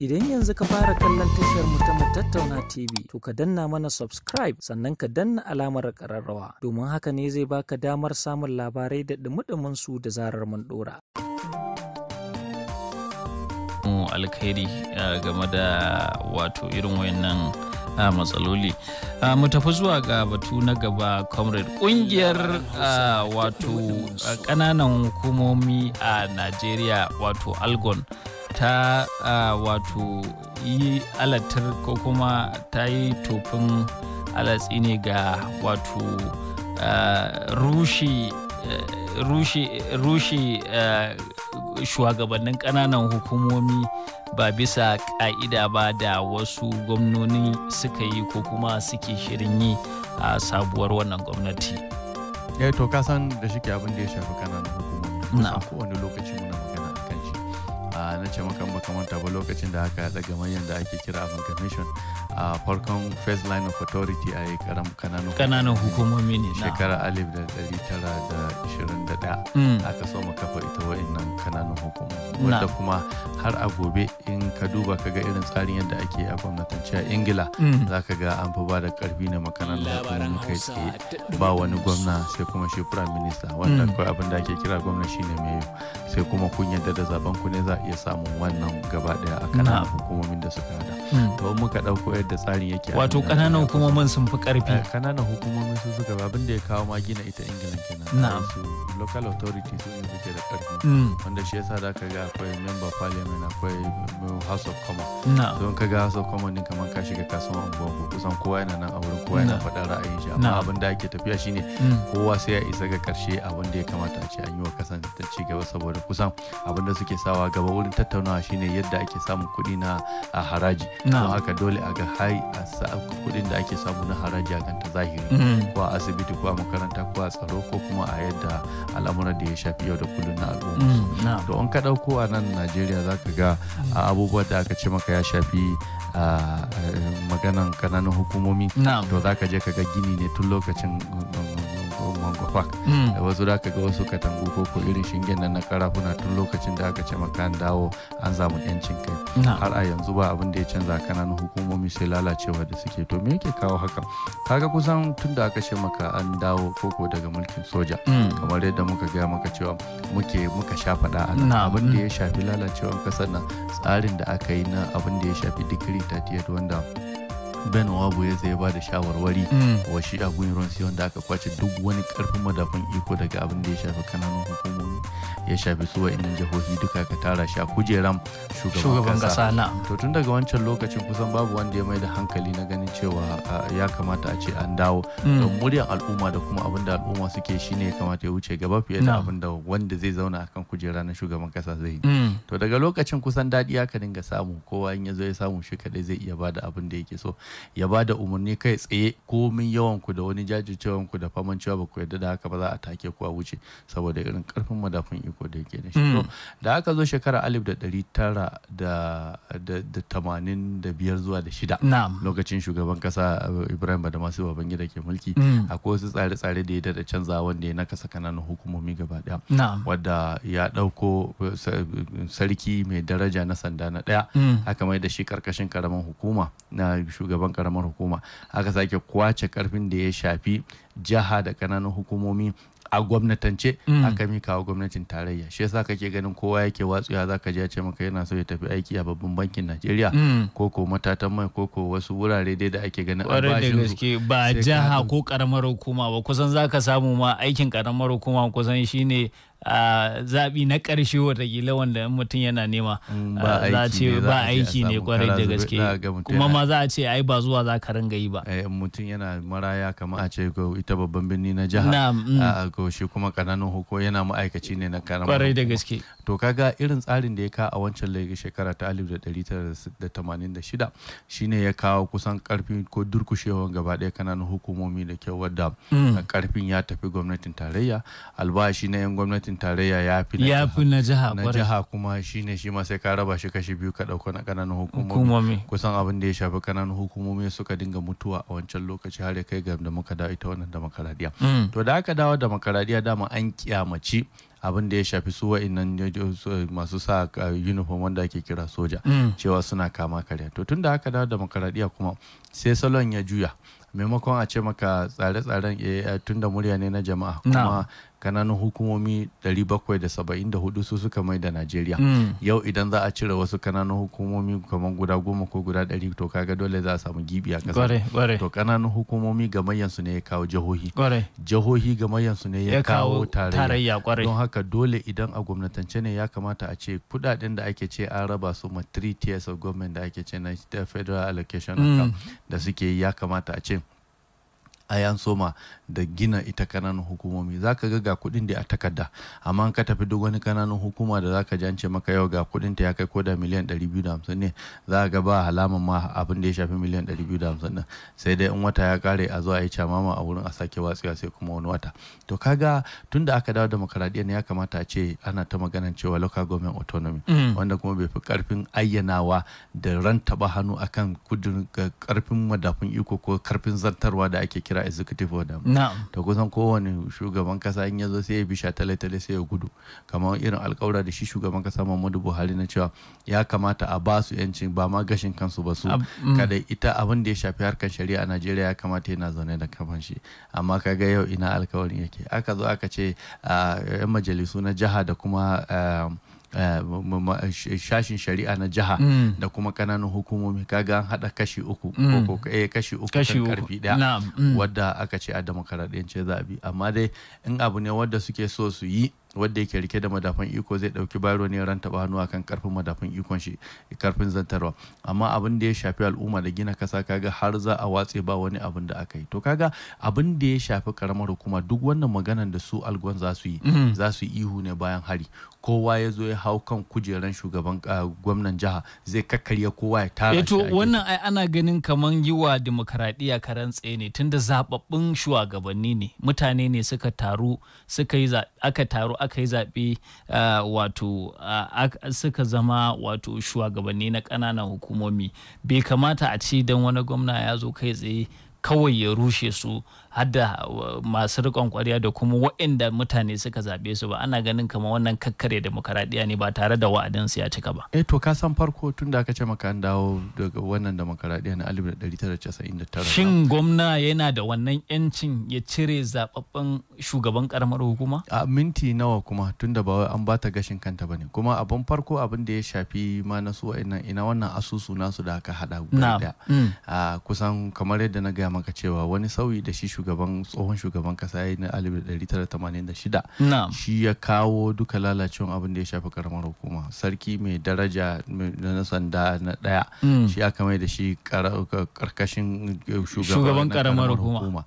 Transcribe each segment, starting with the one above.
Idan yanzu ka fara kallon tashar mu ta tattauna TV, to ka danna mana subscribe sannan ka danna alamar kararrawa domin haka ne zai baka damar samun labarai da dumudumin su da zarar mun ɗora. alkhairi game da wato irin wayannan matsaloli mu tafi zuwa ga batu na gaba comrade kungiyar wato kananan hukumomi a najeriya wato algon ta wato yi alatar ko kuma ta yi tofin alatsi ne ga wato rushe rushe shugabannin kananan hukumomi ba bisa ka'ida ba da wasu gwamnoni suka yi ko kuma suke shirin yi a sabuwar wannan gwamnati. ya eh to kasan da shi abin da ya shafi kananan hukumomi na kowane lokaci muna ce maka makamanta ba lokacin da aka haɗa manyan da ake kira amalgamation a farkon first line of authority a yi kananan kananan hukumomi ne shekara alif da dari tara da ishirin da daya mm. aka so maka fa ita wa'innan kananan hukumomi wanda kuma har a gobe in ka duba ka ga irin tsarin yadda ake a gwamnatance a ingila mm. za ka ga an fi ba da karfi ne makananan hukumomi kai tsaye ba wani gwamna sai kuma shi prime minister wanda mm. kawai abin da ake kira gwamna shine mai sai kuma kun yadda da zaben ku ne za a iya samu samun wannan gaba daya a kananan hukumomin da suka hada hmm. to muka dauko yadda tsarin yake wato kananan hukumomin sun fi karfi kananan eh, hukumomin sun suka ba abin da ya kawo ma gina ita ingila kenan su local authority sun yi suke da karfi hmm. wanda shi yasa da ka ga akwai member parliament akwai house of commons don ka ga house of commons din kamar ka shiga kasuwan unguwa ko kusan kowa yana nan a wurin kowa yana faɗin ra'ayin shi amma abin da ake tafiya shine hmm. kowa sai ya isa ga karshe abin da ya kamata a ce an yi wa kasan ta ci gaba saboda kusan abin da suke sawa gaba wurin tattalin tattaunawa shine yadda ake samun kuɗi na a haraji don haka dole a ga hai a kuɗin da ake samu na haraji a ganta zahiri mm. ko a asibiti ko a makaranta ko a tsaro ko kuma a yadda al'amuran da ya shafi yau da kullum na al'umma mm, to in ka ɗauko a nan najeriya za ka ga mm. abubuwa da aka ce maka ya shafi maganan kananan hukumomi to za ka je ka ga gini ne tun lokacin mango park mm. da wasu da ka ga wasu katangu ko ko irin shingen nan na karafuna tun lokacin da aka ce maka an dawo an zamu yancin kai har a yanzu ba abin da ya canza kananan hukumomi sai lalacewa da suke to me yake kawo haka kaga kusan tun da aka ce maka an dawo koko daga mulkin soja mm. kamar yadda muka gaya maka cewa muke muka sha faɗa a abin da ya mm. shafi lalacewar kasar nan tsarin da aka yi na abin da ya shafi digiri 38 wanda ben wabu ya ba da shawarwari mm. wa shi aguironsi da aka kwace duk wani karfin madafin iko daga abin da ya shafi kananan hukumomi ya shafi suwa wa'annan jihohi duka ka tara shi a kujeran shugaban kasa na to tun daga wancan lokacin kusan babu wanda ya mai da hankali na ganin cewa ya kamata a ce an dawo don mm. muryar al'umma da kuma abin da al'umma suke shi ne ya kamata ya wuce gaba fiye da abin da wanda zai zauna a kan kujera na shugaban kasa zai yi mm. to daga lokacin kusan daɗi ka dinga samu kowa in ya zo ya samu shi kaɗai zai iya bada abin da yake so ya ba da umarni kai tsaye komin yawan ku da wani jajircewan ku da faman cewa ba ku yarda da haka ba za a take ku a wuce saboda irin karfin madafin iko da yake da shi mm. da aka zo shekara alif da ɗari tara da tamanin da biyar zuwa da shida lokacin shugaban kasa uh, ibrahim baban babangida ke mulki mm. akwai wasu tsare-tsare da ya dada canza wanda ya nakasa kananan hukumomi gaba daya wadda ya ɗauko uh, uh, sarki mai daraja na sanda na ɗaya mm. aka mai da shi karkashin karamin hukuma na shugaban shugaban karamar hukuma aka sake kwace karfin da ya shafi jiha da kananan hukumomi a gwamnatance mm. aka mika wa gwamnatin tarayya shi yasa kake ganin kowa yake watsuwa za ka je ce maka yana so ya tafi aiki a babban bankin Najeriya mm. ko ko matatan mai ko ko wasu wurare dai da ake ganin albashi ba jaha ko karamar hukuma ba kusan zaka samu ma aikin karamar hukuma kusan shine zaɓi na ƙarshe watakila wanda mutum yana nema mm, za a ce ba aiki ne kwarai da gaske kuma ma za a ce ai ba zuwa za ka ringa yi ba eh, mutum yana maraya kamar a ce ko ita babban birni na jiha mm. a shi kuma ƙananan hukum yana ma'aikaci ne na ƙananan kwarai da gaske to kaga irin tsarin da ya ka a wancan laifin shekara ta alif 1986 shine ya kawo kusan ƙarfin ko durkushewan gaba ɗaya ƙananan hukumomi da kyau wadda mm. Ƙarfin ya tafi gwamnatin tarayya albashi na 'yan gwamnatin gwamnatin tarayya ya fi na jiha na jiha kuma shine shi ma sai ka raba shi kashi biyu ka dauko na kananan hukumomi kusan abin da ya shafi kananan hukumomi suka dinga mutuwa a wancan lokaci har ya kai ga da muka dawo ita wannan demokradiya mm. to da aka dawo demokaradiyya dama an kiyamaci abin da ya shafi su wa'innan masu sa uniform wanda ake kira soja mm. cewa suna kama karya to tun da aka dawo demokradiya kuma sai salon ya juya maimakon a ce maka tsare-tsaren eh, eh, tun da murya ne na jama'a kuma kananan hukumomi 774 su suka mai da najeriya mm. yau idan za a cire wasu kananan hukumomi kamar guda goma ko guda 100 to kaga dole za a samu gibi a kasar. to kananan hukumomi gamayyansu ne ya kawo jihohi jihohi gamayyansu ne ya kawo tarayya don haka dole idan a gwamnatance ne ya kamata a ce kudaden da ake ce an raba su ma 3 tiers of government da ake ce na federal allocation mm. da suke ya kamata a ce a yan soma da gina ita kananan hukumomi za ka ga ga kuɗin da a takarda amma ka tafi duk wani kananan hukuma da za ka jance maka yau ga kuɗinta ta ya kai koda miliyan 250 ne za ga ba halaman ma abin da ya shafi miliyan 250 din sai dai in wata ya kare a zo a yi camama a wurin a sake watsewa sai kuma wani wata to kaga tun da aka dawo demokaradiyya ne ya kamata a ce ana ta maganan cewa local government autonomy mm. wanda kuma bai fi karfin ayyanawa da ran taba hannu akan kudin karfin madafin iko ko karfin zantarwa da ake kira kira executive order to kusan kowane shugaban kasa in ya zo sai ya bi tale-tale sai ya gudu kamar irin alkawura da shi shugaban kasa Muhammadu Buhari na cewa ya kamata a ba su yancin ba ma gashin kansu ba su mm. kada ita abin da ya shafi harkar shari'a a Najeriya ya kamata yana zaune da kafan shi amma kaga yau ina alkawarin yake aka zo aka ce 'yan ah, majalisu na jiha da kuma ah, Eh, eh, shashin shari'a na jiha mm. da kuma kananan hukumomi kaga an haɗa kashi uku ko mm. eh, kashi uku kan karfi ɗaya mm. wadda aka ce a demokaradiyyance za a amma dai in abu ne wadda suke so su yi wanda yake rike da madafan iko zai dauki bayro ne ran taba hannu akan karfin madafan ikon shi karfin zantarwa amma abin da ya shafi al'umma da gina kasa kaga har za a watse ba wani abin da aka yi to kaga abin da ya shafi karamar hukuma duk wannan maganan da su algon za su yi mm-hmm. za su ihu ne bayan hari kowa ya zo ya hau kan kujeran shugaban ah, gwamnan jiha zai kakkarya kowa ya tara eh, shi to wannan ai ana ganin kamar yiwa wa demokaradiyya karan tsaye ne tunda zababbun shugabanni ne mutane ne suka taru suka yi aka taru aka yi zaɓe eh, wato eh, suka zama wato shugabanni na ƙananan hukumomi bai kamata a ci don wani gwamna ya zo kai tsaye kawai ya rushe su hadda masu riƙon ƙwarya da kuma waɗanda mutane suka zaɓe su ba ana ganin kamar wannan kakkare demokaradiyya ne ba tare da wa'adinsu ya cika ba. Eh to ka san farko tun da aka ce maka an dawo daga wannan demokaradiyya na 1999. Shin gwamna yana da wannan yancin ya cire zababben shugaban karamar hukuma? A minti nawa kuma tun da ba an bata gashin kanta ba ne kuma abin farko abin da ya shafi ma na su wa'annan ina wannan asusu nasu da aka haɗa Na. Mm. Kusan kamar yadda na gaya maka cewa wani sauyi da shi shugaban tsohon shugaban kasa ya na 1986 shi ya kawo duka lalacewan abin da ya shafi karamar hukuma sarki mai daraja na sanda na daya mm. shi aka mai da shi karkashin eh, shugaban karamar hukuma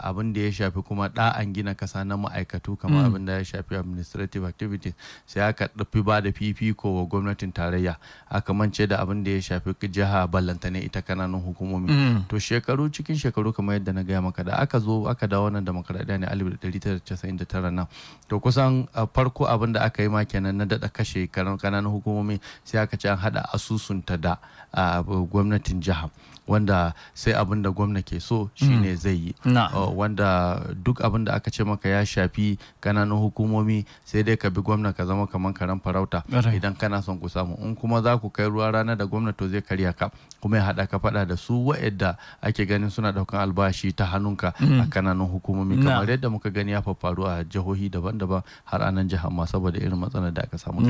abin da ya shafi kuma da'an gina kasa na ma'aikatu kamar mm. abin da ya shafi administrative activities sai aka ɗafi ba da fifiko wa gwamnatin tarayya aka mance da abin da ya shafi jiha ballantane ita kananan hukumomi mm. to shekaru cikin shekaru kamar yadda na gaya maka da aka zo aka dawo wannan demokradiyya ne 1999 nan to kusan uh, farko abin da aka yi ma kenan na daɗa kashe kananan hukumomi sai aka ce an haɗa asusunta da uh, gwamnatin jiha wanda sai abin da gwamna ke so shine mm. zai yi uh, wanda duk abin da aka ce maka ya shafi kananan hukumomi sai dai ka bi gwamna ka zama kamar karan farauta idan kana son ku samu in kuma za ku kai ruwa rana da gwamna to zai karya ka kuma ya haɗa ka faɗa da su wa'yadda ake ganin suna ɗaukan albashi ta hannunka Mm. a kananan hukumomi kamar yadda muka gani ya faru a jihohi daban-daban har anan jihar ma saboda irin matsalar da aka samu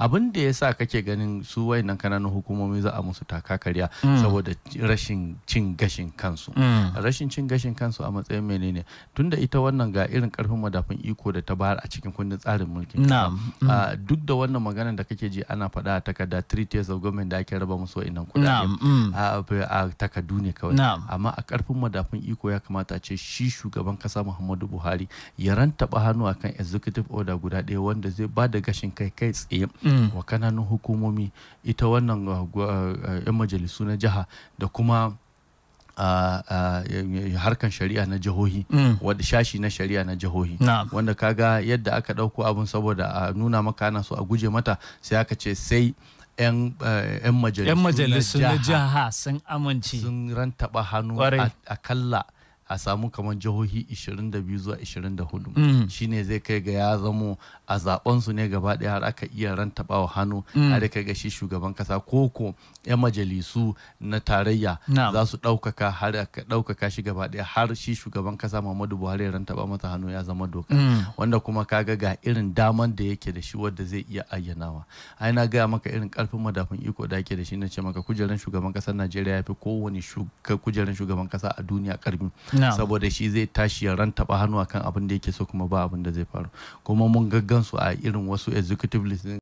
abin da ya sa kake ganin su wayannan kananan hukumomi za a musu karya. Mm. saboda rashin cin gashin kansu mm. rashin cin gashin kansu a matsayin menene tunda ita wannan ga irin karfin madafin iko da ta bayar a cikin kundin tsarin mulkin ah, duk da wannan maganar da kake ji ana faɗa a takarda three of government da ake raba musu wa'innan kudaden ah, a takardu ne kawai amma a karfin madafin iko ya kamata a ce shi shugaban kasa muhammadu buhari ya rantaba hannu akan executive order guda ɗaya wanda zai ba da gashin kai kai tsaye mm. wa kananan hukumomi ita wannan uh, uh, uh, yan majalisu na jiha da kuma harkan shari'a na jihohi mm. wadda shashi na shari'a na jihohi wanda kaga yadda aka ɗauko abin saboda a nuna maka ana so a guje mata sai aka ce sai 'yan majalisu na jiha sun amince sun rantaba hannu a kalla a samu kamar jihohi 22 zuwa 24 mm. ne zai kai ga ya zamo a zaɓensu ne gaba ɗaya har aka iya rantabawa hannu mm. har kai ga shi shugaban kasa ko ko 'yan majalisu na tarayya za su ɗaukaka har aka ɗaukaka shi gaba ɗaya har shi shugaban kasa Muhammadu Buhari ya rantaba masa hannu ya zama doka mm. wanda kuma ka ga ga irin daman da yake da shi wanda zai iya ayyanawa ai na gaya maka irin karfin madafin iko da yake da shi na ce maka kujeran shugaban kasar Najeriya ya fi kowane kujerar shugaban kasa a duniya karfi saboda shi zai tashi ya ran taba hannu akan abin da yake so kuma ba abin da zai faru kuma mun gaggansu a irin wasu executive list